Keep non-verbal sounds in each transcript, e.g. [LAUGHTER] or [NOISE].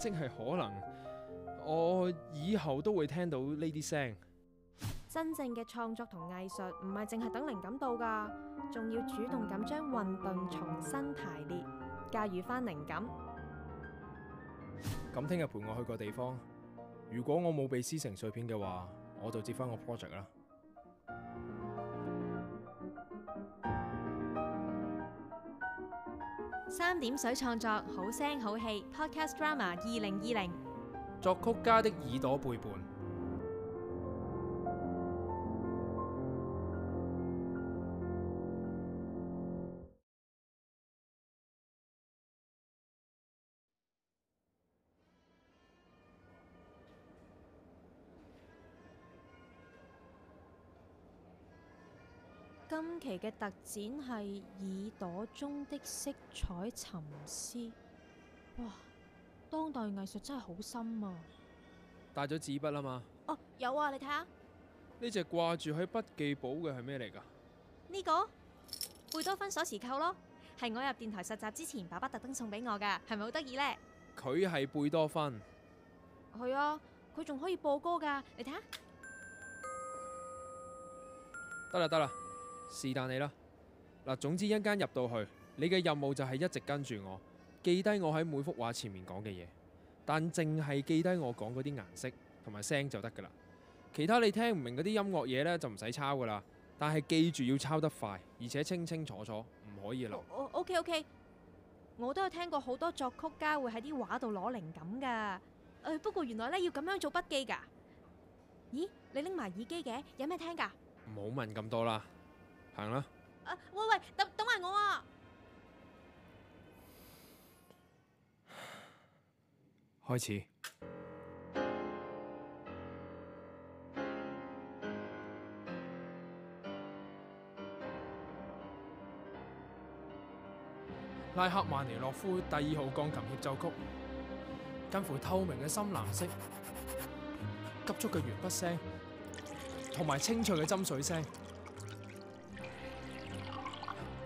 即係可能，我以後都會聽到呢啲聲。真正嘅創作同藝術唔係淨係等靈感到㗎，仲要主動咁將混沌重新排列，駕馭翻靈感。咁聽日陪我去個地方，如果我冇被撕成碎片嘅話，我就接翻個 project 啦。三點水創作好聲好戲 Podcast Drama 二零二零，作曲家的耳朵背叛。今期嘅特展係耳朵中的色彩沉思，哇！當代藝術真係好深啊！帶咗紙筆啦嘛？哦，有啊，你睇下。呢隻掛住喺筆記簿嘅係咩嚟噶？呢、這個貝多芬鎖匙扣咯，係我入電台實習之前，爸爸特登送俾我噶，係咪好得意呢？佢係貝多芬。係啊，佢仲可以播歌噶，你睇下。得啦，得啦。是但你啦。嗱，總之一陣入到去，你嘅任務就係一直跟住我，記低我喺每幅畫前面講嘅嘢，但淨係記低我講嗰啲顏色同埋聲就得㗎啦。其他你聽唔明嗰啲音樂嘢呢，就唔使抄㗎啦。但係記住要抄得快，而且清清楚楚，唔可以漏。我 OK OK，我都有聽過好多作曲家會喺啲畫度攞靈感㗎。誒不過原來呢要咁樣做筆記㗎。咦，你拎埋耳機嘅有咩聽㗎？唔好問咁多啦。行啦。啊，喂喂，等等埋我啊！開始。拉赫曼尼諾夫第二號鋼琴協奏曲，近乎透明嘅深藍色，急促嘅鉛筆聲，同埋清脆嘅斟水聲。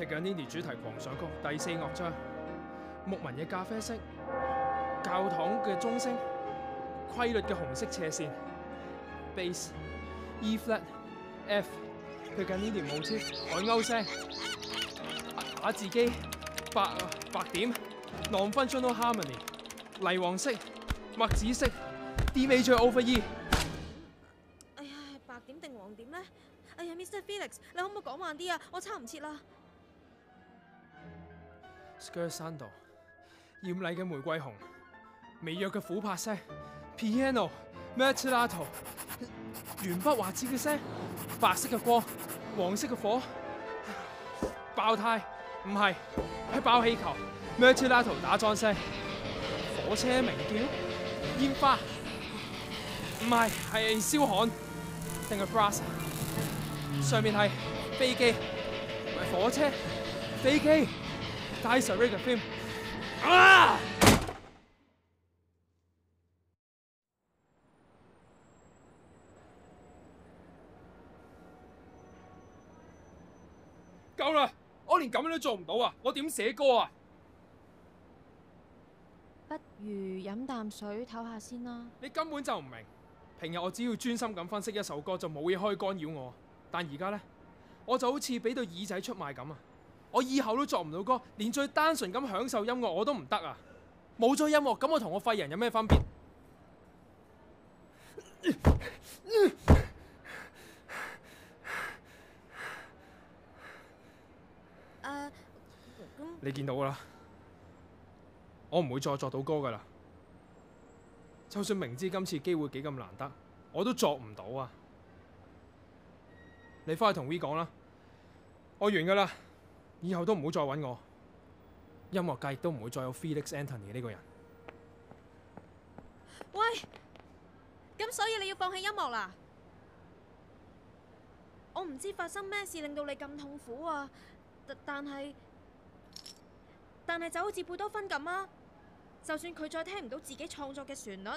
聽緊 Nini 主題狂想曲第四樂章，牧民嘅咖啡色，教堂嘅鐘聲，規律嘅紅色斜線，Bass E flat F，聽緊呢條舞曲，海鷗聲，打字機，白白點，non-functional harmony，黎黃色，墨紫色，D 尾最 over E，哎呀，白點定黃點咧？哎呀，Mr Felix，你可唔可以講慢啲啊？我差唔切啦。Glissando，豔麗嘅玫瑰紅，微弱嘅琥珀聲，piano，Martellato，r 原柏華枝嘅聲，白色嘅光，黃色嘅火，爆胎，唔係，係爆氣球，Martellato r 打樁聲，火車鳴叫，煙花，唔係，係燒焊，定係 brass，上面係飛機，唔係火車，飛機。太我係要揾個 film 啊！夠啦！我連咁樣都做唔到啊！我點寫歌啊？不如飲啖水唞下先啦。你根本就唔明，平日我只要專心咁分析一首歌，就冇嘢可以干擾我。但而家呢，我就好似俾對耳仔出賣咁啊！我以後都作唔到歌，連最單純咁享受音樂我都唔得啊！冇咗音樂，咁我同我廢人有咩分別？Uh, 你見到噶啦，我唔會再作到歌噶啦。就算明知今次機會幾咁難得，我都作唔到啊！你翻去同 V 講啦，我完噶啦。以後都唔好再揾我，音樂界亦都唔會再有 Felix Anthony 呢個人。喂，咁所以你要放棄音樂啦？我唔知發生咩事令到你咁痛苦啊！但但係，但係就好似貝多芬咁啊，就算佢再聽唔到自己創作嘅旋律，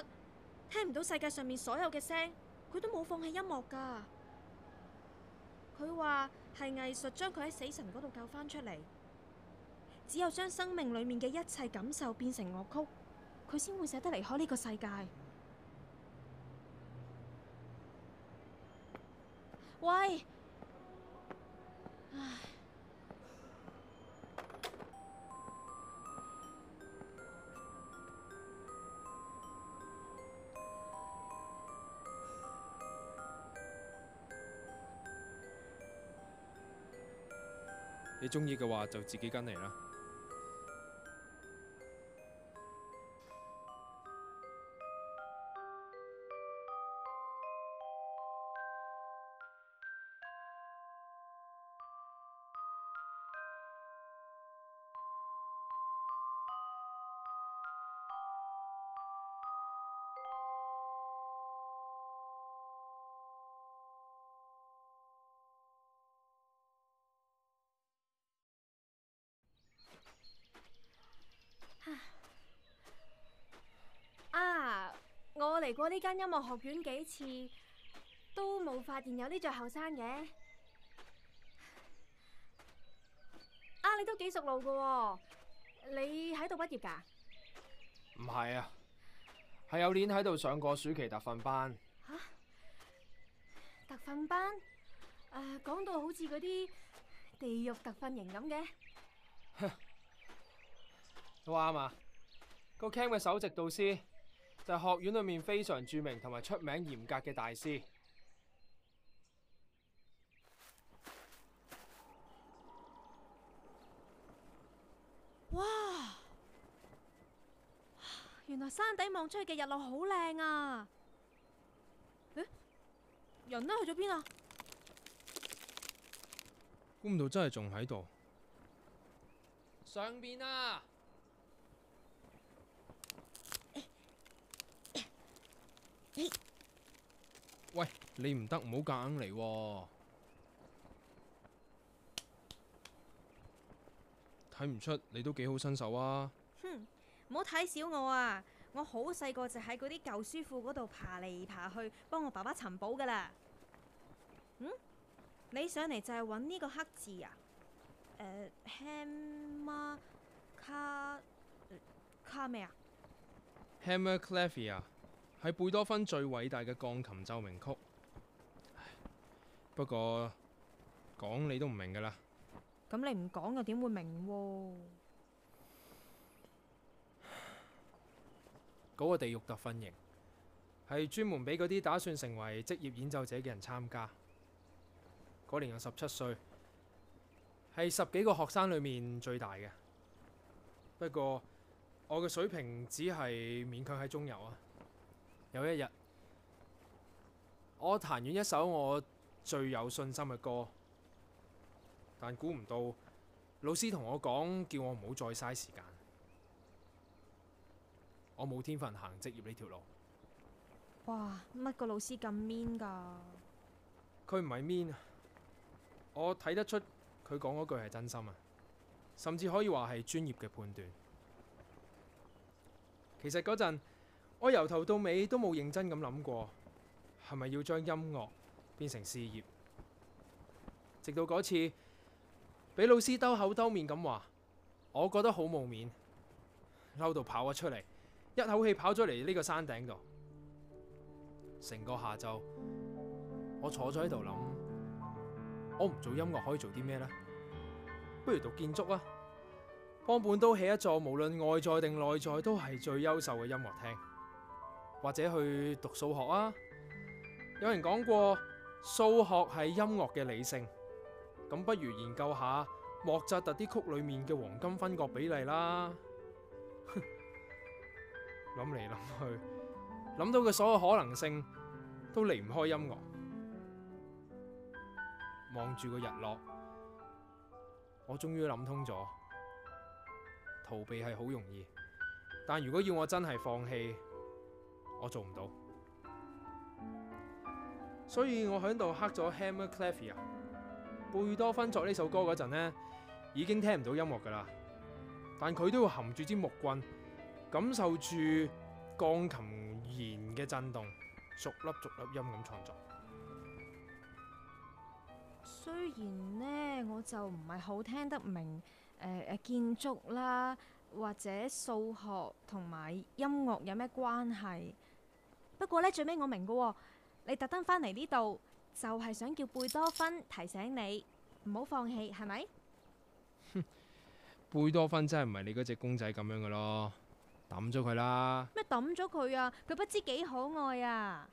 聽唔到世界上面所有嘅聲，佢都冇放棄音樂噶。佢話係藝術將佢喺死神嗰度救返出嚟，只有將生命裏面嘅一切感受變成樂曲，佢先會捨得離開呢個世界。喂。你中意嘅話，就自己跟嚟啦。嚟過呢間音樂學院幾次，都冇發現有呢種後生嘅。啊，你都幾熟路㗎？你喺度畢業㗎？唔係啊，係有年喺度上過暑期特訓班。吓、啊？特訓班？誒、啊，講到好似嗰啲地獄特訓營咁嘅。都啱啊，個 camp 嘅首席導師。就係學院裏面非常著名同埋出名嚴格嘅大師。哇！原來山底望出去嘅日落好靚啊！人呢？去咗邊啊？估唔到真係仲喺度。上邊啊！喂，你唔得，唔好夾硬嚟喎，啊。睇唔出你都幾好身手啊。哼，唔好睇小我啊！我好細個就喺嗰啲舊書庫嗰度爬嚟爬去，幫我爸爸尋寶噶啦。嗯，你上嚟就係揾呢個黑字啊？誒、uh，Hammer，c a 卡卡咩啊？Hammerklavier？係貝多芬最偉大嘅鋼琴奏鳴曲，不過講你都唔明噶啦。咁你唔講又點會明？嗰個地獄特訓營係專門俾嗰啲打算成為職業演奏者嘅人參加。嗰年我十七歲，係十幾個學生裏面最大嘅。不過我嘅水平只係勉強喺中游啊。有一日，我彈完一首我最有信心嘅歌，但估唔到老師同我講叫我唔好再嘥時間，我冇天份行職業呢條路。哇！乜個老師咁 mean 㗎？佢唔係 mean，我睇得出佢講嗰句係真心啊，甚至可以話係專業嘅判斷。其實嗰陣。我由頭到尾都冇認真咁諗過，係咪要將音樂變成事業？直到嗰次，俾老師兜口兜面咁話，我覺得好冇面，嬲到跑咗出嚟，一口氣跑咗嚟呢個山頂度。成個下晝，我坐咗喺度諗，我唔做音樂可以做啲咩呢？不如讀建築啊，幫本都起一座無論外在定內在都係最優秀嘅音樂廳。或者去讀數學啊！有人講過，數學係音樂嘅理性，咁不如研究下莫扎特啲曲裏面嘅黃金分割比例啦。諗嚟諗去，諗到嘅所有可能性都離唔開音樂。望住個日落，我終於諗通咗，逃避係好容易，但如果要我真係放棄。我做唔到，所以我喺度黑咗 Hammerklavier 啊，貝多芬作呢首歌嗰陣呢，已經聽唔到音樂噶啦，但佢都要含住支木棍，感受住鋼琴弦嘅震動，逐粒逐粒音咁創作。雖然呢，我就唔係好聽得明、呃、建築啦，或者數學同埋音樂有咩關係？不過咧，最尾我明噶，你特登返嚟呢度就係、是、想叫貝多芬提醒你唔好放棄，係咪？哼，貝多芬真係唔係你嗰隻公仔咁樣噶咯，抌咗佢啦！咩抌咗佢啊？佢不知幾可愛啊！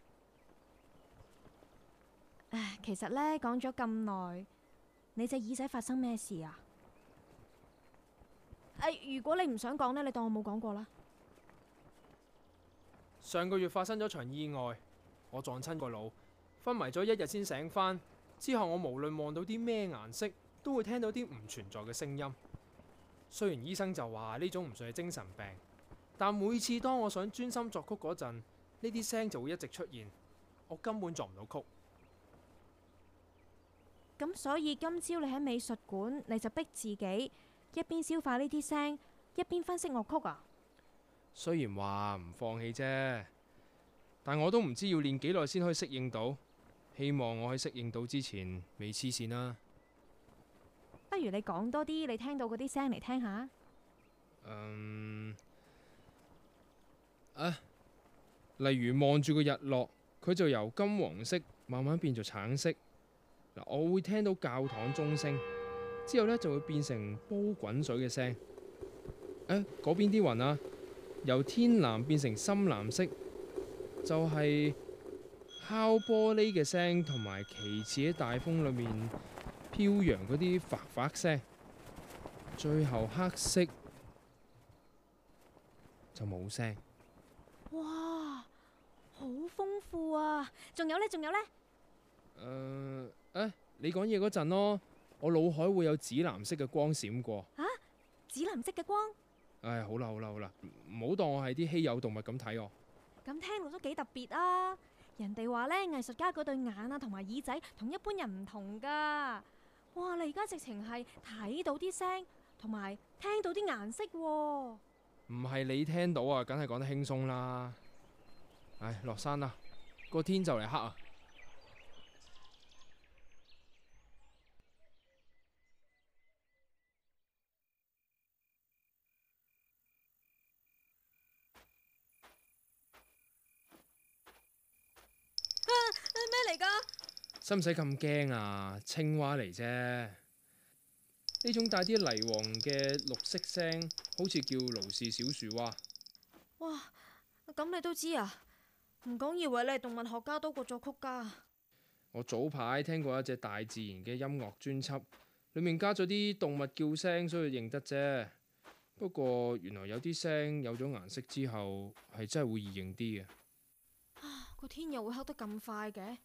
唉，其實咧講咗咁耐，你隻耳仔發生咩事啊？誒、呃，如果你唔想講咧，你當我冇講過啦。上個月發生咗場意外，我撞親個腦，昏迷咗一日先醒返。之後我無論望到啲咩顏色，都會聽到啲唔存在嘅聲音。雖然醫生就話呢種唔算係精神病，但每次當我想專心作曲嗰陣，呢啲聲就會一直出現，我根本作唔到曲。咁所以今朝你喺美術館，你就逼自己一邊消化呢啲聲，一邊分析樂曲啊？雖然話唔放棄啫，但我都唔知要練幾耐先可以適應到。希望我喺適應到之前未黐綫啦。不如你講多啲，你聽到嗰啲聲嚟聽下。嗯啊，例如望住個日落，佢就由金黃色慢慢變做橙色。嗱，我會聽到教堂鐘聲，之後呢就會變成煲滾水嘅聲。嗰邊啲雲啊！由天藍變成深藍色，就係、是、敲玻璃嘅聲，同埋旗幟喺大風裏面飄揚嗰啲發發聲，最後黑色就冇聲。哇，好豐富啊！仲有呢？仲有呢？誒、呃，你講嘢嗰陣咯，我腦海會有紫藍色嘅光閃過。啊，紫藍色嘅光。唉，好啦好啦好啦，唔好當我係啲稀有動物咁睇我。咁聽落都幾特別啊！人哋話呢，藝術家嗰對眼啊，同埋耳仔同一般人唔同噶。哇！你而家直情係睇到啲聲，同埋聽到啲顏色。唔係你聽到啊，梗係講得輕鬆啦。唉，落山啦，個天就嚟黑啊！使唔使咁驚啊？青蛙嚟啫，呢種帶啲泥黃嘅綠色聲，好似叫盧氏小樹蛙。哇，咁你都知啊？唔講，以為你係動物學家多過作曲家。我早排聽過一隻大自然嘅音樂專輯，裏面加咗啲動物叫聲，所以認得啫。不過原來有啲聲有咗顏色之後，係真係會易認啲嘅。啊，個天又會黑得咁快嘅？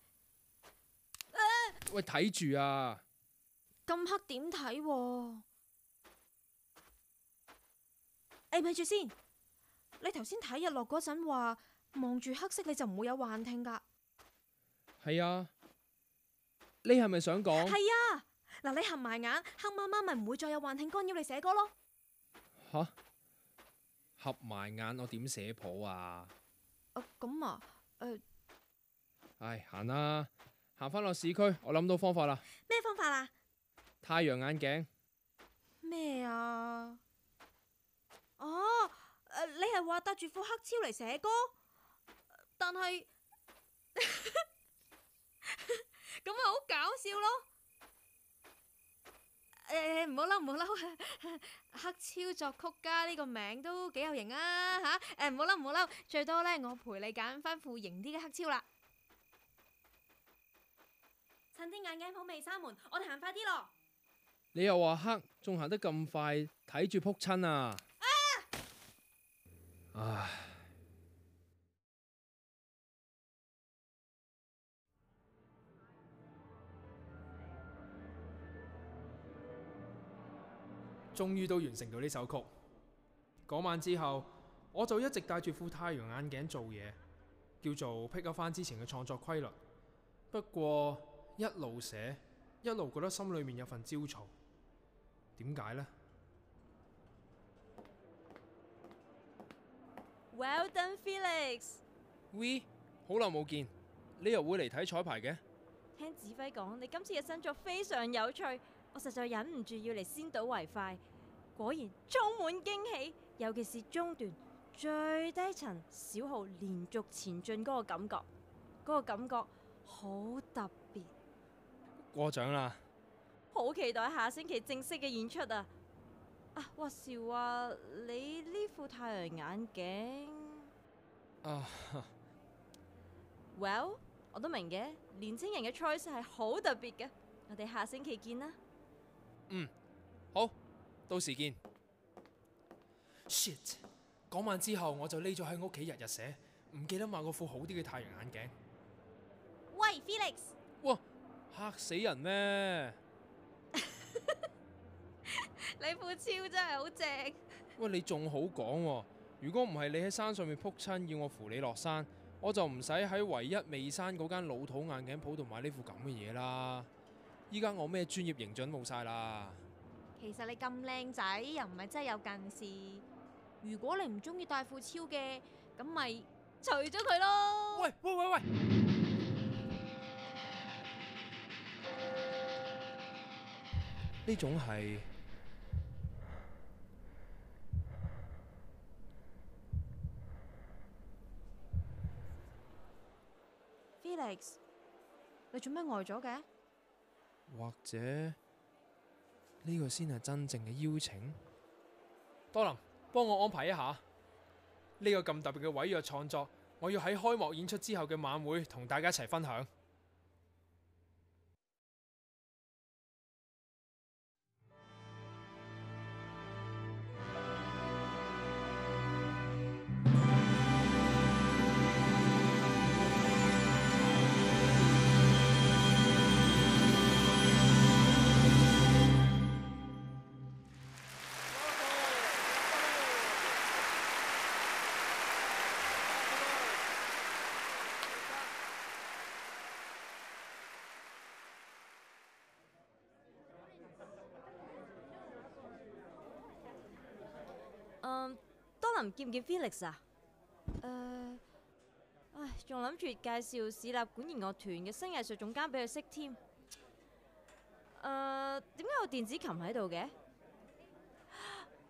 喂，睇住啊！咁黑點睇？誒、啊，咪住先。你頭先睇日落嗰陣話望住黑色，你就唔會有幻聽噶。係啊。你係咪想講？係啊。嗱，你合埋眼，黑媽媽咪唔會再有幻聽干擾你寫歌咯。吓？合埋眼我點寫譜啊？啊，咁啊，誒、啊。呃、哎，行啦。行翻落市區，我諗到方法啦！咩方法啊？太陽眼鏡咩啊？哦，你係話戴住副黑超嚟寫歌，但係咁啊好搞笑咯！誒、呃，唔好嬲唔好嬲，黑超作曲家呢個名都幾有型啊吓！誒、呃，唔好嬲唔好嬲，最多咧我陪你揀翻副型啲嘅黑超啦。趁啲眼鏡鋪未閂門，我哋行快啲咯。你又話黑，仲行得咁快，睇住扑親啊！啊唉，終於都完成到呢首曲。嗰晚之後，我就一直戴住副太陽眼鏡做嘢，叫做辟咗翻之前嘅創作規律。不過。一路寫，一路覺得心裏面有份焦躁，點解呢？Well done, Felix！喂，好耐冇見，你又會嚟睇彩排嘅？聽指揮講，你今次嘅新作非常有趣，我實在忍唔住要嚟先睹為快。果然充滿驚喜，尤其是中段最低層小號連續前進嗰個感覺，嗰個感覺好特別。過獎啦！好期待下星期正式嘅演出啊！啊，話時話你呢副太陽眼鏡啊？Well，我都明嘅，年青人嘅 choice 係好特別嘅。我哋下星期見啦。嗯，好，到時見。Shit，講晚之後我就匿咗喺屋企日日寫，唔記得買個副好啲嘅太陽眼鏡。喂，Felix。嚇死人咩？ [LAUGHS] 你副超真係好正。喂，你仲好講喎？如果唔係你喺山上面扑親，要我扶你落山，我就唔使喺唯一未山嗰間老土眼鏡鋪度買呢副咁嘅嘢啦。依家我咩專業形象冇晒啦。其實你咁靚仔，又唔係真係有近視。如果你唔中意戴副超嘅，咁咪除咗佢咯。喂喂喂喂！喂喂呢種係，Felix，你做咩呆咗嘅？或者呢個先係真正嘅邀請。多琳，幫我安排一下呢個咁特別嘅委約創作，我要喺開幕演出之後嘅晚會同大家一齊分享。嗯，多琳見唔見 Felix 啊？誒，唉，仲諗住介紹市立管弦樂團嘅新藝術總監俾佢識添。誒，點解有電子琴喺度嘅？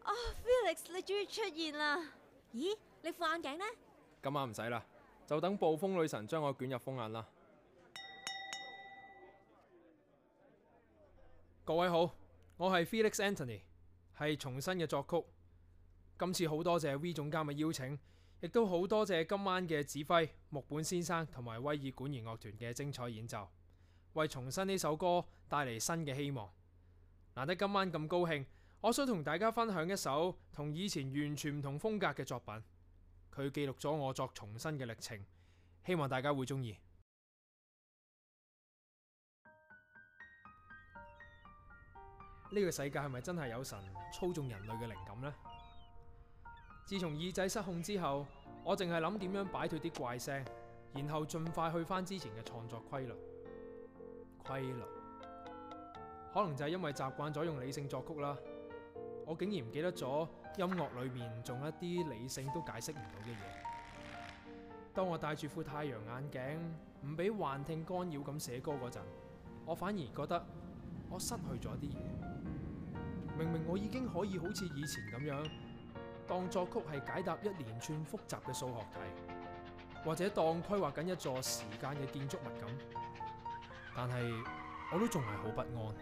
啊，Felix，你終於出現啦！咦，你副眼鏡呢？今晚唔使啦，就等暴風女神將我捲入風眼啦。各位好，我係 Felix Anthony，係重新嘅作曲。今次好多謝 V 總監嘅邀請，亦都好多謝今晚嘅指揮木本先生同埋威爾管弦樂團嘅精彩演奏，為重新呢首歌帶嚟新嘅希望。難得今晚咁高興，我想同大家分享一首同以前完全唔同風格嘅作品。佢記錄咗我作重新嘅歷程，希望大家會中意。呢個世界係咪真係有神操縱人類嘅靈感呢？自從耳仔失控之後，我淨係諗點樣擺脱啲怪聲，然後盡快去翻之前嘅創作規律。規律可能就係因為習慣咗用理性作曲啦，我竟然唔記得咗音樂裏面仲有一啲理性都解釋唔到嘅嘢。當我戴住副太陽眼鏡，唔俾幻聽干擾咁寫歌嗰陣，我反而覺得我失去咗一啲嘢。明明我已經可以好似以前咁樣。當作曲係解答一連串複雜嘅數學題，或者當規劃緊一座時間嘅建築物咁，但係我都仲係好不安。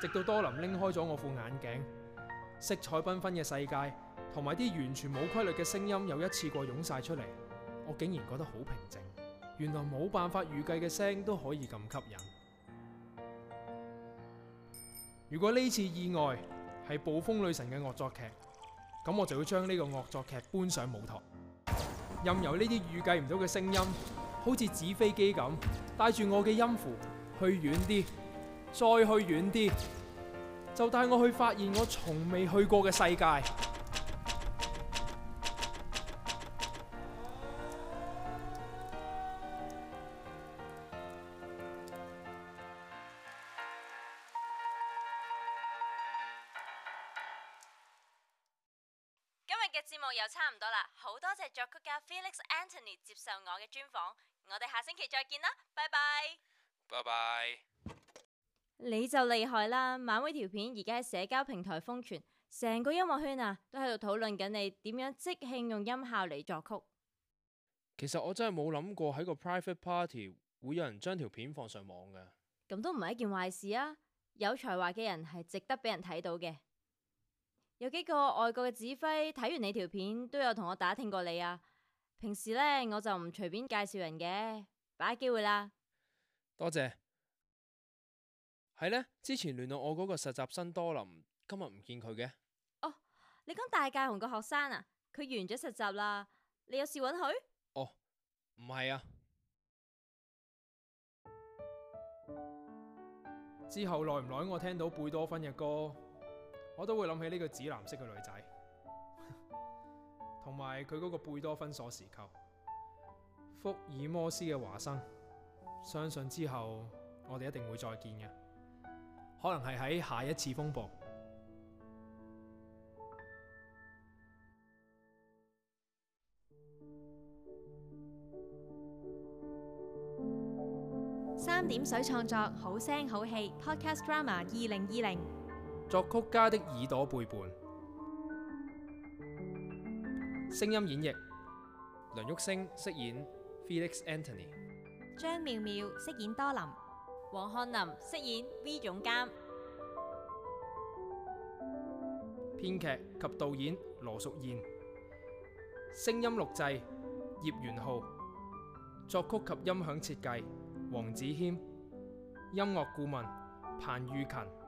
直到多琳拎開咗我副眼鏡，色彩繽紛嘅世界同埋啲完全冇規律嘅聲音，又一次過湧晒出嚟，我竟然覺得好平靜。原來冇辦法預計嘅聲都可以咁吸引。如果呢次意外係暴風女神嘅惡作劇？咁我就要將呢個惡作劇搬上舞台，任由呢啲預計唔到嘅聲音，好似紙飛機咁，帶住我嘅音符去遠啲，再去遠啲，就帶我去發現我從未去過嘅世界。多啦，好多謝作曲家 Felix Anthony 接受我嘅專訪，我哋下星期再見啦，拜拜。拜拜 bye。你就厲害啦！晚會條片而家喺社交平台瘋傳，成個音樂圈啊都喺度討論緊你點樣即興用音效嚟作曲。其實我真係冇諗過喺個 private party 會有人將條片放上網嘅。咁都唔係一件壞事啊！有才華嘅人係值得俾人睇到嘅。有幾個外國嘅指揮睇完你條片，都有同我打聽過你啊。平時呢，我就唔隨便介紹人嘅，把握機會啦。多謝。係呢，之前聯絡我嗰個實習生多林，今日唔見佢嘅。哦，你講大介雄個學生啊？佢完咗實習啦，你有事搵佢？哦，唔係啊。之後耐唔耐我聽到貝多芬嘅歌？我都會諗起呢個紫藍色嘅女仔，同埋佢嗰個貝多芬鎖匙扣、福爾摩斯嘅華生，相信之後我哋一定會再見嘅，可能係喺下一次風暴。三點水創作好聲好戲 Podcast Drama 二零二零。作曲家的耳朵背叛，聲音演繹梁煜星，飾演 Felix Anthony，張妙妙飾演多琳，黃翰淋飾演 V 總監，編劇及導演羅淑燕，聲音錄製葉元顥，作曲及音響設計黃子謙，音樂顧問彭譽芹。